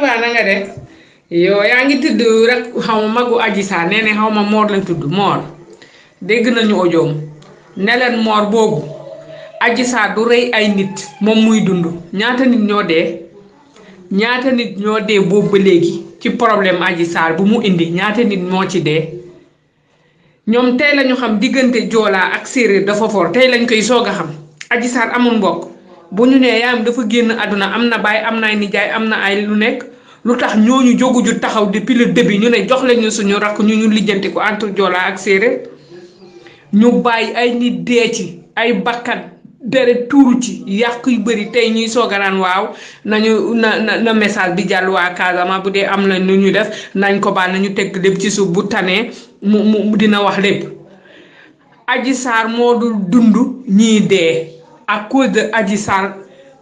mi baa na nga yaa ngi tudd rek xaw magu Adji Sarr nee ne xaw ma moor la tudd moor dégg nañu ojoom ne moor boobu Adji Sarr du rey ay nit moom muy dund ñaata nit ñoo dee ñaata nit ñoo dee léegi ci problème Adji mu indi ñaata nit moo ci dee ñoom tey lañu xam diggante joolaa ak séeréer dafa for tey lañ koy soog a xam Adji Sarr amul mbokk bu ñu nee yaayam dafa génn àdduna am na baay am na ay nijaay am na ay lu nekk lu tax ñooñu jóguju taxaw depuis le début ñu ne jox lañu suñu rakk ñu ñu lijjanti ko entre Joola ak séeréer ñu bàyyi ay nit dee ci ay bakkan deret tuuru ci yàq yu bëri tey ñuy soog a waaw na na na message bi jàll waa Casamance bu dee am na nu ñu def nañ ko baal nañu teg lépp ci suuf bu tanee mu mu dina wax lépp aji Sarr moo dul dund ñii dee à cause de Adji Sarr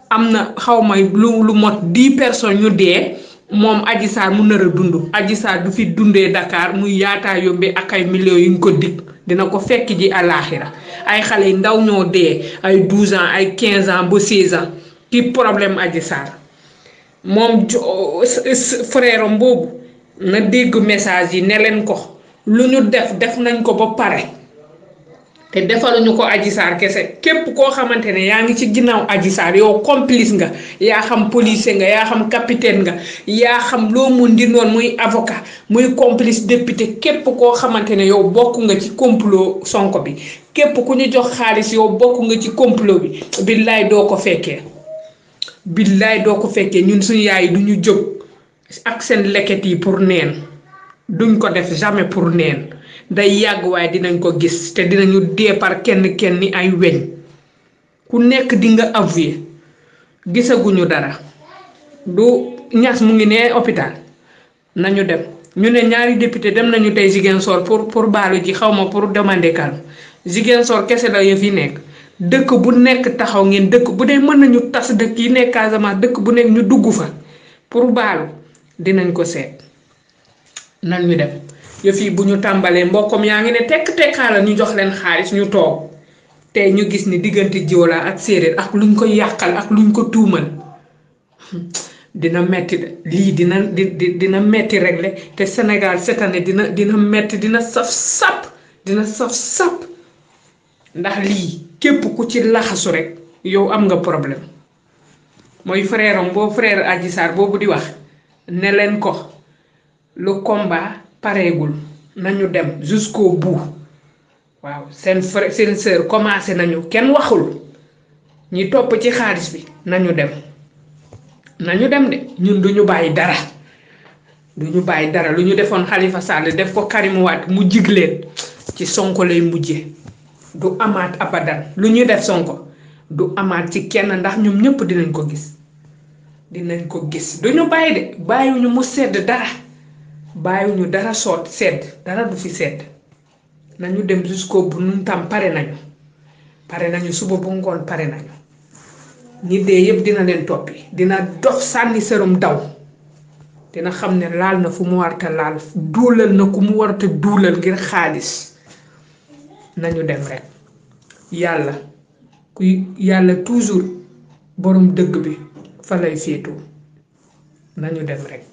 am na xaw ma lu lu mot dix personnes ñu dee moom Adji Sarr mu nar a dund Adji Sarr du fi dundee Dakar muy yaataa yóbbee ak ay millions yu ko dig dina ko fekk ji àlaaxira ay xale yu ndaw ñoo dee ay 12 ans ay 15 ans ba 16 ans ki problème Adji moom frère am na dégg message yi ne leen ko lu ñu def def nañ ko ba pare. te defaluñu ko Adji Sarr kese képp koo xamante ne yaa ngi ci ginnaaw Adji Sarr yow complice nga yaa xam policier nga yaa xam capitaine nga yaa xam loo mun di noon muy avocat muy complice député képp koo xamante ne yow bokk nga ci complot Sonko bi képp ku ñu jox xaalis yow bokk nga ci complot bi billaay doo ko fekkee billaay doo ko fekkee ñun suñu yaay du ñu jóg ak seen leket yi pour neen duñ ko def jamais pour neen day yàgg waaye dinañ ko gis te dinañu dee par kenn kenn ay weñ ku nekk di nga avoué gisaguñu dara du ñas mu ngi nee hôpital nañu dem ñu ne ñaari député dem nañu tey sol pour pour baalu ji xawma pour pour demander calme Ziguinchor kese la yëf fi nekk dëkk bu nekk taxaw ngeen dëkk bu dee mën nañu tas dëkk yi ne Casamance dëkk bu nekk ñu dugg fa pour baalu dinañ ko seet nan ñu dem. yëf yi bu ñu tàmbalee mbokkam yaa ngi ne tekk tekkaala ñu jox leen xaalis ñu toog te ñu gis ni diggante joolaa ak séeréer ak luñ ko yàqal ak luñ ko tuumal dina metti lii dina dina metti réglé te Sénégal cette dina dina metti dina saf sap dina saf sap ndax lii képp ku ci laxasu rek yow am nga problème mooy frère am boo frère Adji Sarr boobu di wax ne leen ko lu komba pareegul nañu dem jusqu'au bout waaw seen frère commencé nañu kenn waxul ñi topp ci xaalis bi nañu dem nañu dem de ñun duñu bàyyi dara ñu bàyyi dara lu ñu defoon xalifa Sall def ko Karim Wade mu jig ci Sonko lay mujje du amaat abadan lu ñu def Sonko du amaat ci kenn ndax ñoom ñëpp dinañ ko gis dinañ ko gis duñu bàyyi de bàyyiwuñu mu sedd dara bàyyiwuñu dara soot sedd dara du fi sedd nañu dem jusqu'au bout nun tam pare nañu pare nañu suba bu ngoon pare nañu ñi dee yëpp dina leen toppi dina dox sànni serum daw dina xam ne laal na fu mu warta laal duulal na ku mu warta duulal ngir xaalis nañu dem rek yàlla kuy yàlla toujours borom dëgg bi fa lay féetoo nañu dem rekk